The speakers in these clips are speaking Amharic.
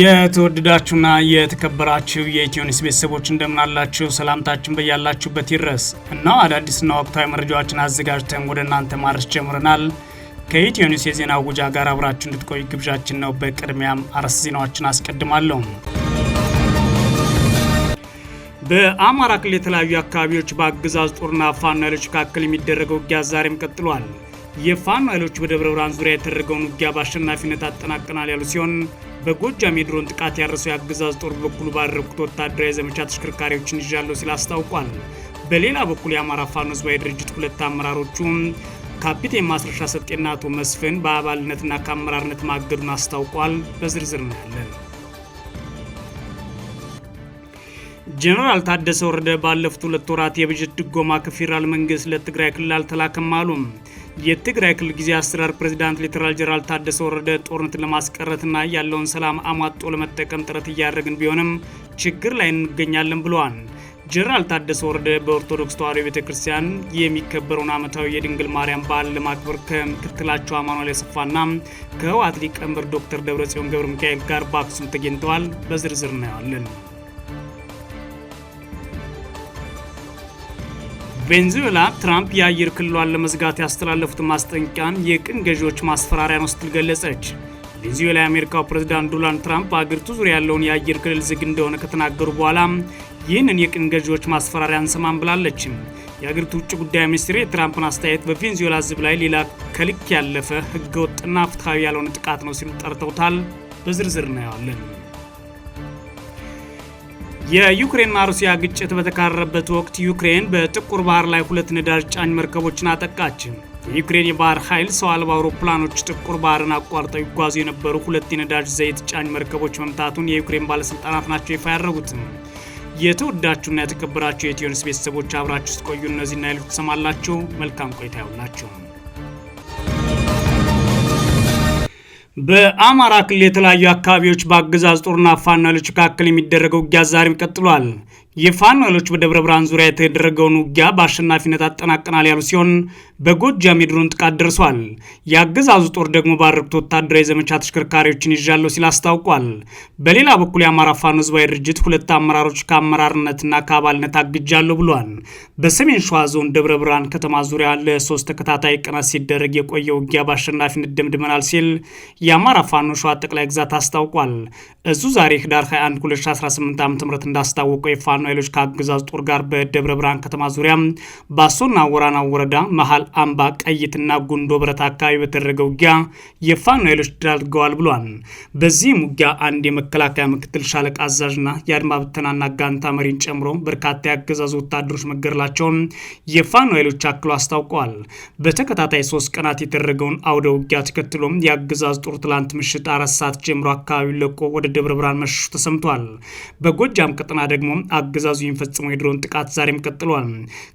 የተወደዳችሁና የተከበራችሁ የኢትዮኒስ ቤተሰቦች እንደምናላችሁ ሰላምታችን በያላችሁበት ይድረስ እና አዳዲስና ወቅታዊ መረጃዎችን አዘጋጅተን ወደ እናንተ ማድረስ ጀምረናል። ከኢትዮኒስ የዜና ውጃ ጋር አብራችሁ እንድትቆዩ ግብዣችን ነው። በቅድሚያም አርዕስተ ዜናዎችን አስቀድማለሁ። በአማራ ክልል የተለያዩ አካባቢዎች በአገዛዙ ጦርና ፋኖ ኃይሎች መካከል የሚደረገው ውጊያ ዛሬም ቀጥሏል። የፋኖ ኃይሎች በደብረ ብርሃን ዙሪያ የተደረገውን ውጊያ በአሸናፊነት አጠናቀናል ያሉ ሲሆን በጎጃም የድሮን ጥቃት ያረሰው የአገዛዝ ጦር በበኩሉ ባደረኩት ወታደራዊ ዘመቻ ተሽከርካሪዎችን ይዣለሁ ሲል አስታውቋል። በሌላ በኩል የአማራ ፋኖ ህዝባዊ ድርጅት ሁለት አመራሮቹ ካፒቴን ማስረሻ ሰጤና አቶ መስፍን በአባልነትና ከአመራርነት ማገዱን አስታውቋል። በዝርዝር እናያለን። ጀነራል ታደሰ ወረደ ባለፉት ሁለት ወራት የበጀት ድጎማ ከፌዴራል መንግስት ለትግራይ ክልል አልተላከም አሉ። የትግራይ ክልል ጊዜ አስተዳደር ፕሬዚዳንት ሌተናል ጄኔራል ታደሰ ወረደ ጦርነት ለማስቀረትና ያለውን ሰላም አሟጦ ለመጠቀም ጥረት እያደረግን ቢሆንም ችግር ላይ እንገኛለን ብለዋል። ጀነራል ታደሰ ወረደ በኦርቶዶክስ ተዋሕዶ ቤተ ክርስቲያን የሚከበረውን ዓመታዊ የድንግል ማርያም በዓል ለማክበር ከምክትላቸው አማኑኤል አሰፋና ከህወሓት ሊቀመንበር ዶክተር ደብረጽዮን ገብረ ሚካኤል ጋር በአክሱም ተገኝተዋል። በዝርዝር እናየዋለን። ቬንዙዌላ ትራምፕ የአየር ክልሏን ለመዝጋት ያስተላለፉትን ማስጠንቀቂያን የቅኝ ገዢዎች ማስፈራሪያ ነው ስትል ገለጸች። ቬንዙዌላ የአሜሪካው ፕሬዝዳንት ዶናልድ ትራምፕ በአገሪቱ ዙሪያ ያለውን የአየር ክልል ዝግ እንደሆነ ከተናገሩ በኋላ ይህንን የቅኝ ገዢዎች ማስፈራሪያ አንሰማም ብላለች። የአገሪቱ ውጭ ጉዳይ ሚኒስትር የትራምፕን አስተያየት በቬንዙዌላ ሕዝብ ላይ ሌላ ከልክ ያለፈ ሕገወጥና ፍትሐዊ ያልሆነ ጥቃት ነው ሲሉ ጠርተውታል። በዝርዝር እናየዋለን። የዩክሬንና ሩሲያ ግጭት በተካረረበት ወቅት ዩክሬን በጥቁር ባህር ላይ ሁለት ነዳጅ ጫኝ መርከቦችን አጠቃች። የዩክሬን የባህር ኃይል ሰው አልባ አውሮፕላኖች ጥቁር ባህርን አቋርጠው ይጓዙ የነበሩ ሁለት የነዳጅ ዘይት ጫኝ መርከቦች መምታቱን የዩክሬን ባለስልጣናት ናቸው ይፋ ያደረጉት። የተወዳችሁና የተከበራቸው የኢትዮኒውስ ቤተሰቦች አብራችሁ ስትቆዩ እነዚህና ሌሎች ትሰማላችሁ። መልካም ቆይታ ያውላችሁ። በአማራ ክልል የተለያዩ አካባቢዎች በአገዛዝ ጦርና ፋኖዎች መካከል የሚደረገው ውጊያ ዛሬም ቀጥሏል። የፋኖ ኃይሎች በደብረ ብርሃን ዙሪያ የተደረገውን ውጊያ በአሸናፊነት አጠናቀናል ያሉ ሲሆን በጎጃም የድሮን ጥቃት ደርሷል። የአገዛዙ ጦር ደግሞ ባረክቶ ወታደራዊ ዘመቻ ተሽከርካሪዎችን ይዣለሁ ሲል አስታውቋል። በሌላ በኩል የአማራ ፋኖ ህዝባዊ ድርጅት ሁለት አመራሮች ከአመራርነትና ከአባልነት አግጃለሁ ብሏል። በሰሜን ሸዋ ዞን ደብረ ብርሃን ከተማ ዙሪያ ለሶስት ተከታታይ ቀናት ሲደረግ የቆየ ውጊያ በአሸናፊነት ደምድመናል ሲል የአማራ ፋኖ ሸዋ ጠቅላይ ግዛት አስታውቋል። እዙ ዛሬ ህዳር 21 2018 ዓ ም እንዳስታወቀው የፋኖ የሰላም ኃይሎች ከአገዛዝ ጦር ጋር በደብረ ብርሃን ከተማ ዙሪያ ባሶና ወራና ወረዳ መሀል አምባ ቀይትና ጉንዶ ብረት አካባቢ በተደረገ ውጊያ የፋኖ ኃይሎች ድል አድርገዋል ብሏል። በዚህም ውጊያ አንድ የመከላከያ ምክትል ሻለቃ አዛዥና የአድማ ብተናና ጋንታ መሪን ጨምሮ በርካታ የአገዛዙ ወታደሮች መገደላቸውን የፋኖ ኃይሎች አክሎ አስታውቀዋል። በተከታታይ ሶስት ቀናት የተደረገውን አውደ ውጊያ ተከትሎም የአገዛዝ ጦር ትላንት ምሽት አራት ሰዓት ጀምሮ አካባቢውን ለቆ ወደ ደብረ ብርሃን መሸሹ ተሰምቷል። በጎጃም ቀጠና ደግሞ አገዛዙ የሚፈጽመው የድሮን ጥቃት ዛሬም ቀጥሏል።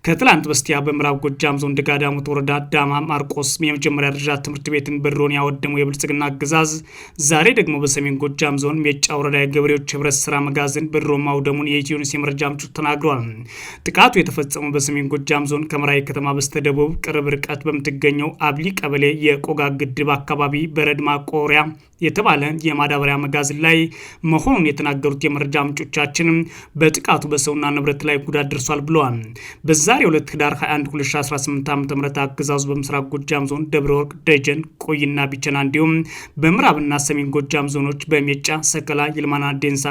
ከትላንት በስቲያ በምዕራብ ጎጃም ዞን ደጋዳሞት ወረዳ ዳማ ማርቆስ የመጀመሪያ ደረጃ ትምህርት ቤትን በድሮን ያወደመው የብልጽግና አገዛዝ ዛሬ ደግሞ በሰሜን ጎጃም ዞን ሜጫ ወረዳ የገበሬዎች ህብረት ስራ መጋዘን በድሮን ማውደሙን የኢትዮኒስ የመረጃ ምንጮች ተናግሯል። ጥቃቱ የተፈጸመው በሰሜን ጎጃም ዞን ከመራዊ ከተማ በስተደቡብ ቅርብ ርቀት በምትገኘው አብሊ ቀበሌ የቆጋ ግድብ አካባቢ በረድ ማቆሪያ የተባለ የማዳበሪያ መጋዘን ላይ መሆኑን የተናገሩት የመረጃ ምንጮቻችን በጥቃቱ በሰውና ንብረት ላይ ጉዳት ደርሷል ብለዋል። በዛሬ ዕለት ህዳር 21 2018 ዓ ም አገዛዙ በምስራቅ ጎጃም ዞን ደብረ ወርቅ፣ ደጀን፣ ቆይና ቢቸና እንዲሁም በምዕራብና ሰሜን ጎጃም ዞኖች በሜጫ፣ ሰከላ፣ ይልማና፣ ዴንሳ፣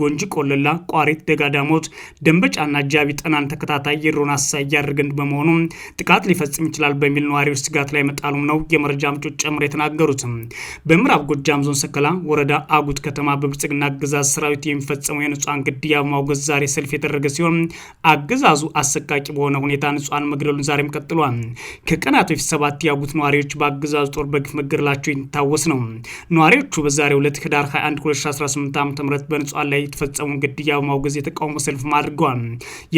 ጎንጂ ቆለላ፣ ቋሪት፣ ደጋዳሞት፣ ደንበጫና ጃቢ ጠናን ተከታታይ የድሮን አሳይ እያደረገን በመሆኑ ጥቃት ሊፈጽም ይችላል በሚል ነዋሪዎች ስጋት ላይ መጣሉም ነው የመረጃ ምንጮች ጨምሮ የተናገሩት። በምዕራብ ምዕራብ ጎጃም ዞን ሰከላ ወረዳ አጉት ከተማ በብልጽግና አገዛዝ ሰራዊት የሚፈጸመው የንጹሐን ግድያ በማውገዝ ዛሬ ሰልፍ የተደረገ ሲሆን አገዛዙ አሰቃቂ በሆነ ሁኔታ ንጹሐን መግደሉን ዛሬም ቀጥሏል። ከቀናት በፊት ሰባት የአጉት ነዋሪዎች በአገዛዙ ጦር በግፍ መገደላቸው የሚታወስ ነው። ነዋሪዎቹ በዛሬው ዕለት ህዳር 21 2018 ዓ ም በንጹሐን ላይ የተፈጸመውን ግድያ በማውገዝ የተቃውሞ ሰልፍ አድርገዋል።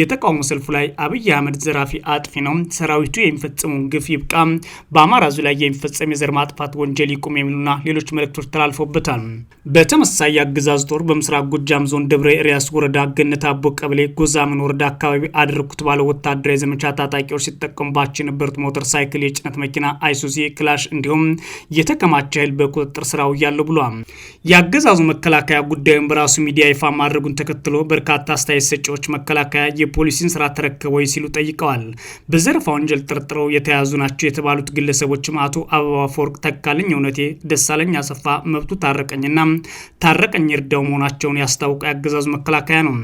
የተቃውሞ ሰልፉ ላይ አብይ አህመድ ዘራፊ አጥፊ ነው፣ ሰራዊቱ የሚፈጸመውን ግፍ ይብቃ፣ በአማራ ዙ ላይ የሚፈጸም የዘር ማጥፋት ወንጀል ይቁም የሚሉና ሌሎች መልእክቶች ተላልፎበታል። በተመሳሳይ የአገዛዝ ጦር በምስራቅ ጎጃም ዞን ደብረ ኤርያስ ወረዳ ገነት አቦ ቀበሌ ጎዛምን ወረዳ አካባቢ አደረግኩት ባለው ወታደራዊ ዘመቻ ታጣቂዎች ሲጠቀሙባቸው የነበሩት ሞተር ሳይክል፣ የጭነት መኪና፣ አይሱዚ ክላሽ እንዲሁም የተከማቸ ኃይል በቁጥጥር ስር አውያለሁ ብሏል። የአገዛዙ መከላከያ ጉዳዩን በራሱ ሚዲያ ይፋ ማድረጉን ተከትሎ በርካታ አስተያየት ሰጪዎች መከላከያ የፖሊሲን ስራ ተረከበ ወይ ሲሉ ጠይቀዋል። በዘረፋ ወንጀል ጠርጥረው የተያዙ ናቸው የተባሉት ግለሰቦችም አቶ አበባ ፎርቅ ተካልኝ፣ እውነቴ ደሳለኝ፣ አሰፋ መብቱ ታረቀኝና ታረቀኝ እርዳው መሆናቸውን ያስታውቀ የአገዛዙ መከላከያ ነው።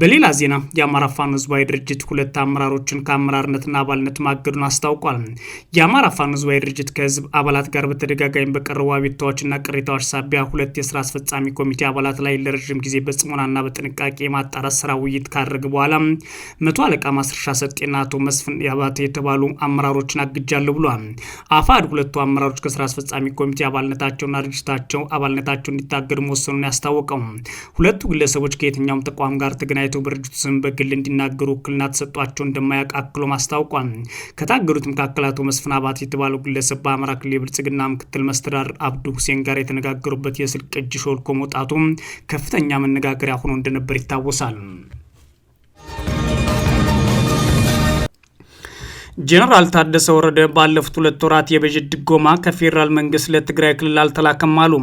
በሌላ ዜና የአማራ ፋኖ ህዝባዊ ድርጅት ሁለት አመራሮችን ከአመራርነትና አባልነት ማገዱን አስታውቋል። የአማራ ፋኖ ህዝባዊ ድርጅት ከህዝብ አባላት ጋር በተደጋጋሚ በቀረቡ አቤቱታዎችና ቅሬታዎች ሳቢያ ሁለት የስራ አስፈጻሚ ኮሚቴ አባላት ላይ ለረዥም ጊዜ በጽሞናና በጥንቃቄ የማጣራት ስራ ውይይት ካደረገ በኋላ መቶ አለቃ ማስረሻ ሰጤና አቶ መስፍን ያባተ የተባሉ አመራሮችን አግጃለሁ ብሏል። አፋድ ሁለቱ አመራሮች ከስራ አስፈጻሚ ኮሚቴ አባልነታቸውና ድርጅታቸው አባልነታቸው እንዲታገድ መወሰኑን ያስታወቀው ሁለቱ ግለሰቦች ከየትኛውም ተቋም ጋር ተገናኝተው በድርጅቱ ስም በግል እንዲናገሩ ውክልና ተሰጧቸው እንደማያውቅ አክሎም አስታውቋል። ከታገዱት መካከል አቶ መስፍን አባት የተባለው ግለሰብ በአማራ ክልል የብልጽግና ምክትል መስተዳድር አብዱ ሁሴን ጋር የተነጋገሩበት የስልክ ቅጂ ሾልኮ መውጣቱ ከፍተኛ መነጋገሪያ ሆኖ እንደነበር ይታወሳል። ጄኔራል ታደሰ ወረደ ባለፉት ሁለት ወራት የበጀት ድጎማ ከፌዴራል መንግስት ለትግራይ ክልል አልተላከም አሉ።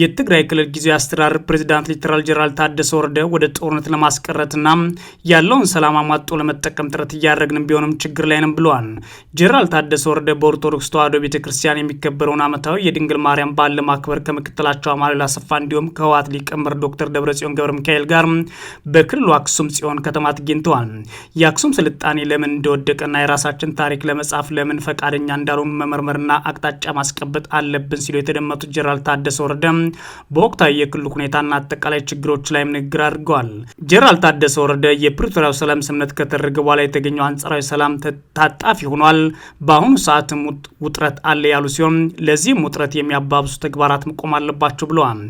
የትግራይ ክልል ጊዜ አስተዳደር ፕሬዚዳንት ሌተናል ጄኔራል ታደሰ ወረደ ወደ ጦርነት ለማስቀረትና ያለውን ሰላም አሟጦ ለመጠቀም ጥረት እያደረግንም ቢሆንም ችግር ላይ ነን ብለዋል። ጄኔራል ታደሰ ወረደ በኦርቶዶክስ ተዋሕዶ ቤተ ክርስቲያን የሚከበረውን ዓመታዊ የድንግል ማርያም በዓል ለማክበር ከምክትላቸው አማኑኤል አሰፋ እንዲሁም ከህወሓት ሊቀመር ዶክተር ደብረጽዮን ገብረ ሚካኤል ጋር በክልሉ አክሱም ጽዮን ከተማ ተገኝተዋል። የአክሱም ስልጣኔ ለምን እንደወደቀና የራሳቸው የሀገራችን ታሪክ ለመጻፍ ለምን ፈቃደኛ እንዳልሆኑ መመርመርና አቅጣጫ ማስቀበጥ አለብን ሲሉ የተደመጡት ጀነራል ታደሰ ወረደ በወቅታዊ የክልሉ ሁኔታና አጠቃላይ ችግሮች ላይም ንግግር አድርገዋል። ጀነራል ታደሰ ወረደ የፕሪቶሪያው ሰላም ስምምነት ከተደረገ በኋላ የተገኘው አንጻራዊ ሰላም ታጣፊ ሆኗል። በአሁኑ ሰዓትም ውጥረት አለ ያሉ ሲሆን ለዚህም ውጥረት የሚያባብሱ ተግባራት መቆም አለባቸው ብለዋል።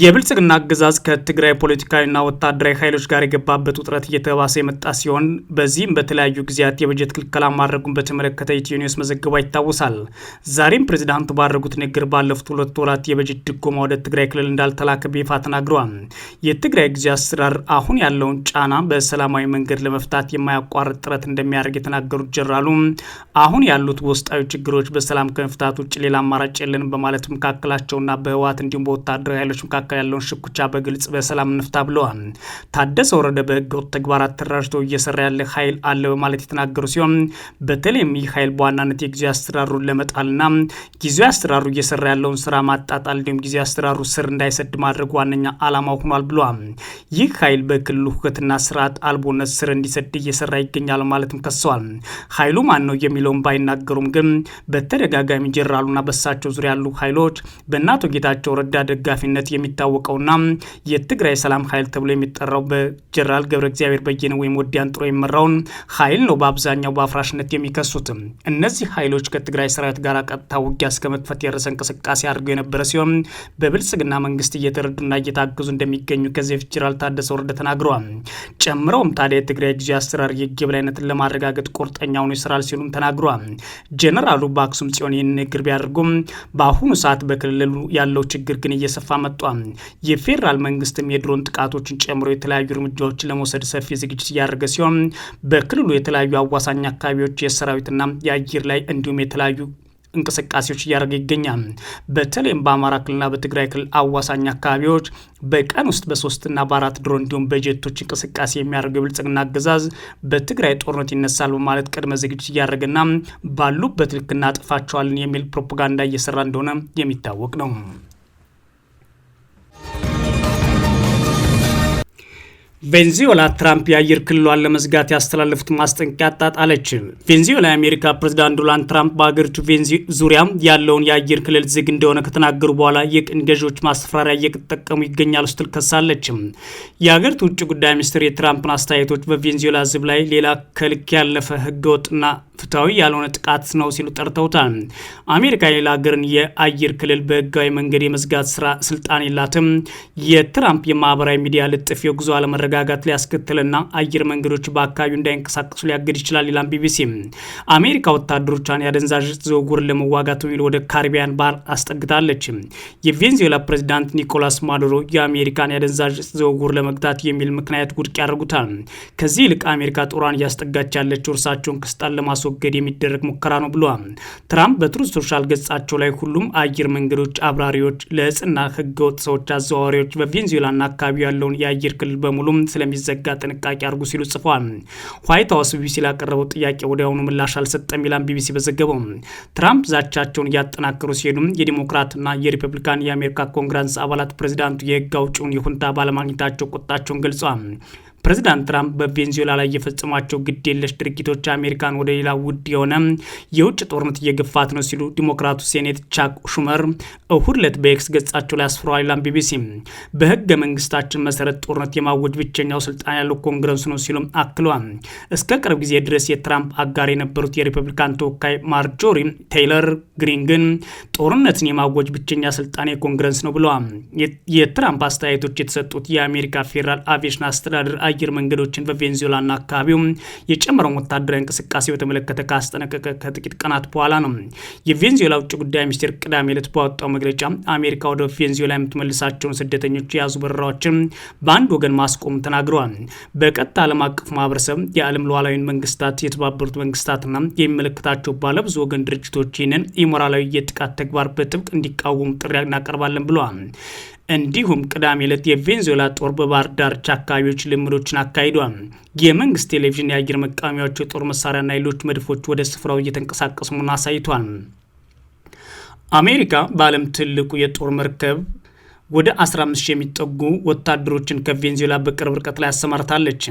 የብልጽግና አገዛዝ ከትግራይ ፖለቲካዊና ወታደራዊ ኃይሎች ጋር የገባበት ውጥረት እየተባሰ የመጣ ሲሆን በዚህም በተለያዩ ጊዜያት የበጀት ክልከላ ማድረጉን በተመለከተ ኢትዮ ኒውስ መዘገባ ይታወሳል። ዛሬም ፕሬዚዳንቱ ባደረጉት ንግግር ባለፉት ሁለት ወራት የበጀት ድጎማ ወደ ትግራይ ክልል እንዳልተላከ በይፋ ተናግረዋል። የትግራይ ጊዜ አስተዳደር አሁን ያለውን ጫና በሰላማዊ መንገድ ለመፍታት የማያቋርጥ ጥረት እንደሚያደርግ የተናገሩት ጀራሉ አሁን ያሉት ውስጣዊ ችግሮች በሰላም ከመፍታት ውጭ ሌላ አማራጭ የለንም በማለት መካከላቸውና በህወሓት እንዲሁም በወታደራዊ ኃይሎች መካከል መካከል ያለውን ሽኩቻ በግልጽ በሰላም እንፍታ ብለዋል። ታደሰ ወረደ በህገወጥ ተግባራት ተደራጅቶ እየሰራ ያለ ኃይል አለ በማለት የተናገሩ ሲሆን በተለይም ይህ ኃይል በዋናነት የጊዜያዊ አስተዳደሩን ለመጣልና ጊዜ አስተዳደሩ እየሰራ ያለውን ስራ ማጣጣል እንዲሁም ጊዜ አስተዳደሩ ስር እንዳይሰድ ማድረግ ዋነኛ አላማው ሆኗል ብለዋል። ይህ ኃይል በክልሉ ሁከትና ስርዓት አልቦነት ስር እንዲሰድ እየሰራ ይገኛል ማለትም ከሰዋል። ኃይሉ ማን ነው የሚለውን ባይናገሩም ግን በተደጋጋሚ ጀነራሉና በሳቸው ዙሪያ ያሉ ኃይሎች በእነ አቶ ጌታቸው ረዳ ደጋፊነት የሚ የሚታወቀውና የትግራይ ሰላም ኃይል ተብሎ የሚጠራው በጀነራል ገብረ እግዚአብሔር በየነ ወይም ወዲያን ጥሮ የመራውን ኃይል ነው በአብዛኛው በአፍራሽነት የሚከሱት እነዚህ ኃይሎች ከትግራይ ሰራዊት ጋር ቀጥታ ውጊያ እስከ መክፈት የደረሰ እንቅስቃሴ አድርገው የነበረ ሲሆን በብልጽግና መንግስት እየተረዱና እየታገዙ እንደሚገኙ ከዚህ በፊት ጀነራል ታደሰ ወረደ ተናግረዋል። ጨምረውም ታዲያ የትግራይ ጊዜ አሰራር የግብላይነትን ለማረጋገጥ ቁርጠኛ ሆኖ ይስራል ሲሉም ተናግረዋል። ጀነራሉ በአክሱም ጽዮን ይህን ንግግር ቢያደርጉም በአሁኑ ሰዓት በክልሉ ያለው ችግር ግን እየሰፋ መጧል። የፌዴራል መንግስትም የድሮን ጥቃቶችን ጨምሮ የተለያዩ እርምጃዎችን ለመውሰድ ሰፊ ዝግጅት እያደረገ ሲሆን በክልሉ የተለያዩ አዋሳኝ አካባቢዎች የሰራዊትና የአየር ላይ እንዲሁም የተለያዩ እንቅስቃሴዎች እያደረገ ይገኛል። በተለይም በአማራ ክልልና በትግራይ ክልል አዋሳኝ አካባቢዎች በቀን ውስጥ በሶስትና በአራት ድሮን እንዲሁም በጀቶች እንቅስቃሴ የሚያደርገው የብልጽግና አገዛዝ በትግራይ ጦርነት ይነሳል በማለት ቅድመ ዝግጅት እያደረገና ባሉበት ልክ እናጥፋቸዋለን የሚል ፕሮፓጋንዳ እየሰራ እንደሆነ የሚታወቅ ነው። ቬንዙዌላ ትራምፕ የአየር ክልሏን ለመዝጋት ያስተላለፉት ማስጠንቀቂያ አጣጣለች። ቬንዙዌላ የአሜሪካ ፕሬዚዳንት ዶናልድ ትራምፕ በሀገሪቱ ዙሪያም ያለውን የአየር ክልል ዝግ እንደሆነ ከተናገሩ በኋላ የቅኝ ገዢዎች ማስፈራሪያ እየተጠቀሙ ይገኛሉ ስትል ከሳለች። የሀገሪቱ ውጭ ጉዳይ ሚኒስትር የትራምፕን አስተያየቶች በቬንዙዌላ ሕዝብ ላይ ሌላ ከልክ ያለፈ ህገወጥና ፍትሐዊ ያልሆነ ጥቃት ነው ሲሉ ጠርተውታል። አሜሪካ የሌላ ሀገርን የአየር ክልል በህጋዊ መንገድ የመዝጋት ስራ ስልጣን የላትም። የትራምፕ የማህበራዊ ሚዲያ ልጥፍ የጉዞ አለመረጋጋት ሊያስከትልና አየር መንገዶች በአካባቢው እንዳይንቀሳቀሱ ሊያገድ ይችላል ይላል ቢቢሲ። አሜሪካ ወታደሮቿን የአደንዛዥ ዝውውር ለመዋጋት በሚል ወደ ካሪቢያን ባህር አስጠግታለች። የቬንዙዌላ ፕሬዚዳንት ኒኮላስ ማዱሮ የአሜሪካን የአደንዛዥ ዝውውር ለመግታት የሚል ምክንያት ውድቅ ያደርጉታል። ከዚህ ይልቅ አሜሪካ ጦሯን እያስጠጋች ያለችው እርሳቸውን ክስጣን ለማስ ለማስወገድ የሚደረግ ሙከራ ነው ብለዋል። ትራምፕ በትሩዝ ሶሻል ገጻቸው ላይ ሁሉም አየር መንገዶች አብራሪዎች፣ ለእጽና ህገወጥ ሰዎች አዘዋዋሪዎች በቬንዙዌላና አካባቢው ያለውን የአየር ክልል በሙሉም ስለሚዘጋ ጥንቃቄ አድርጉ ሲሉ ጽፏል። ዋይት ሀውስ ቢቢሲ ላቀረበው ጥያቄ ወዲያውኑ ምላሽ አልሰጠም ይላል ቢቢሲ በዘገበው። ትራምፕ ዛቻቸውን እያጠናከሩ ሲሄዱም የዲሞክራትና የሪፐብሊካን የአሜሪካ ኮንግረስ አባላት ፕሬዚዳንቱ የህግ አውጪውን ይሁንታ ባለማግኘታቸው ቁጣቸውን ገልጿል። ፕሬዚዳንት ትራምፕ በቬንዙዌላ ላይ የፈጸሟቸው ግዴለሽ ድርጊቶች አሜሪካን ወደ ሌላ ውድ የሆነ የውጭ ጦርነት እየገፋት ነው ሲሉ ዲሞክራቱ ሴኔት ቻክ ሹመር እሁድ ዕለት በኤክስ ገጻቸው ላይ አስፍረዋል። ይላም ቢቢሲ በህገ መንግስታችን መሰረት ጦርነት የማወጅ ብቸኛው ስልጣን ያለው ኮንግረሱ ነው ሲሉም አክለዋል። እስከ ቅርብ ጊዜ ድረስ የትራምፕ አጋር የነበሩት የሪፐብሊካን ተወካይ ማርጆሪ ቴይለር ግሪን ግን ጦርነትን የማወጅ ብቸኛ ስልጣን የኮንግረስ ነው ብለዋል። የትራምፕ አስተያየቶች የተሰጡት የአሜሪካ ፌዴራል አቪዬሽን አስተዳደር አየር መንገዶችን በቬንዙዌላና አካባቢው የጨመረውን ወታደራዊ እንቅስቃሴ በተመለከተ ካስጠነቀቀ ከጥቂት ቀናት በኋላ ነው። የቬንዙዌላ ውጭ ጉዳይ ሚኒስቴር ቅዳሜ ዕለት ባወጣው መግለጫ አሜሪካ ወደ ቬንዙዌላ የምትመልሳቸውን ስደተኞች የያዙ በረራዎችን በአንድ ወገን ማስቆም ተናግረዋል። በቀጥታ ዓለም አቀፍ ማህበረሰብ፣ የዓለም ሉዓላዊን መንግስታት፣ የተባበሩት መንግስታትና የሚመለከታቸው ባለብዙ ወገን ድርጅቶች ይህንን ኢሞራላዊ የጥቃት ተግባር በጥብቅ እንዲቃወሙ ጥሪ እናቀርባለን ብለዋል። እንዲሁም ቅዳሜ ዕለት የቬንዙዌላ ጦር በባህር ዳርቻ አካባቢዎች ልምዶችን አካሂዷል። የመንግስት ቴሌቪዥን የአየር መቃወሚያዎች፣ የጦር መሳሪያና ሌሎች መድፎች ወደ ስፍራው እየተንቀሳቀሱ መሆኑን አሳይቷል። አሜሪካ በዓለም ትልቁ የጦር መርከብ ወደ 15 የሚጠጉ ወታደሮችን ከቬንዙዌላ በቅርብ ርቀት ላይ አሰማርታለች።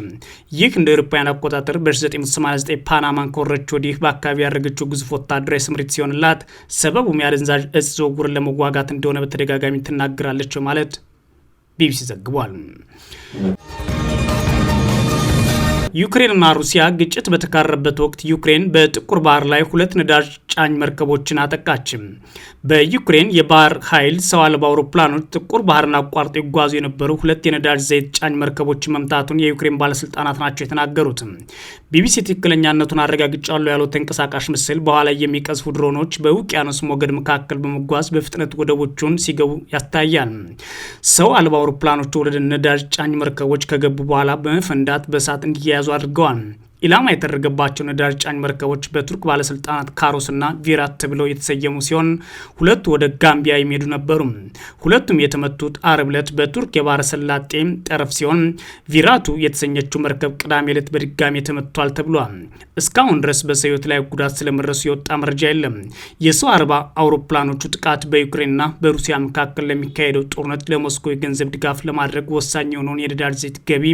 ይህ እንደ ኤሮፓውያን አቆጣጠር በ1989 ፓናማን ከወረች ወዲህ በአካባቢ ያደረገችው ግዙፍ ወታደራዊ ስምሪት ሲሆንላት ሰበቡም የአደንዛዥ እጽ ዝውውርን ለመዋጋት እንደሆነ በተደጋጋሚ ትናገራለች ማለት ቢቢሲ ዘግቧል። ዩክሬንና ሩሲያ ግጭት በተካረበት ወቅት ዩክሬን በጥቁር ባህር ላይ ሁለት ነዳጅ ጫኝ መርከቦችን አጠቃችም። በዩክሬን የባህር ኃይል ሰው አልባ አውሮፕላኖች ጥቁር ባህርን አቋርጦ ይጓዙ የነበሩ ሁለት የነዳጅ ዘይት ጫኝ መርከቦችን መምታቱን የዩክሬን ባለስልጣናት ናቸው የተናገሩትም። ቢቢሲ ትክክለኛነቱን አረጋግጫለሁ ያለው ተንቀሳቃሽ ምስል በኋላ የሚቀዝፉ ድሮኖች በውቅያኖስ ሞገድ መካከል በመጓዝ በፍጥነት ወደቦቹን ሲገቡ ያስታያል። ሰው አልባ አውሮፕላኖቹ ወደ ነዳጅ ጫኝ መርከቦች ከገቡ በኋላ በመፈንዳት በእሳት እንዲያያዙ አድርገዋል። ኢላማ የተደረገባቸው ነዳጅ ጫኝ መርከቦች በቱርክ ባለስልጣናት ካሮስና ቪራት ተብለው የተሰየሙ ሲሆን ሁለቱ ወደ ጋምቢያ የሚሄዱ ነበሩ። ሁለቱም የተመቱት አርብ ዕለት በቱርክ የባህረ ሰላጤ ጠረፍ ሲሆን ቪራቱ የተሰኘችው መርከብ ቅዳሜ ዕለት በድጋሚ ተመቷል ተብሏል። እስካሁን ድረስ በሰዮት ላይ ጉዳት ስለመድረሱ የወጣ መረጃ የለም። የሰው አርባ አውሮፕላኖቹ ጥቃት በዩክሬንና በሩሲያ መካከል ለሚካሄደው ጦርነት ለሞስኮ የገንዘብ ድጋፍ ለማድረግ ወሳኝ የሆነውን የነዳጅ ዘይት ገቢ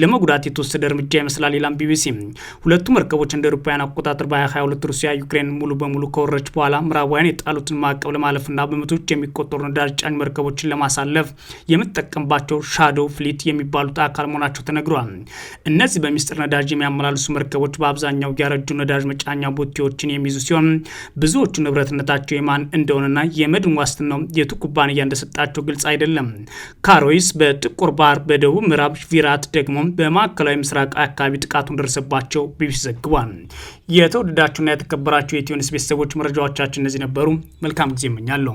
ለመጉዳት የተወሰደ እርምጃ ይመስላል ይላል ቢቢሲ። ሁለቱ መርከቦች እንደ አውሮፓውያን አቆጣጠር በ2022 ሩሲያ ዩክሬን ሙሉ በሙሉ ከወረች በኋላ ምዕራባውያን የጣሉትን ማዕቀብ ለማለፍና በመቶች የሚቆጠሩ ነዳጅ ጫኝ መርከቦችን ለማሳለፍ የምጠቀምባቸው ሻዶ ፍሊት የሚባሉት አካል መሆናቸው ተነግሯል። እነዚህ በሚስጥር ነዳጅ የሚያመላልሱ መርከቦች በአብዛኛው ያረጁ ነዳጅ መጫኛ ቦቴዎችን የሚይዙ ሲሆን ብዙዎቹ ንብረትነታቸው የማን እንደሆነና የመድን ዋስትናው የቱ ኩባንያ እንደሰጣቸው ግልጽ አይደለም። ካሮይስ በጥቁር ባህር በደቡብ ምዕራብ ቪራት ደግሞ በማዕከላዊ ምስራቅ አካባቢ ጥቃቱን ደርሰ እንደደረሰባቸው ቢቢሲ ዘግቧል። የተወደዳችሁና የተከበራችሁ የኢትዮኒውስ ቤተሰቦች መረጃዎቻችን እነዚህ ነበሩ። መልካም ጊዜ እመኛለሁ።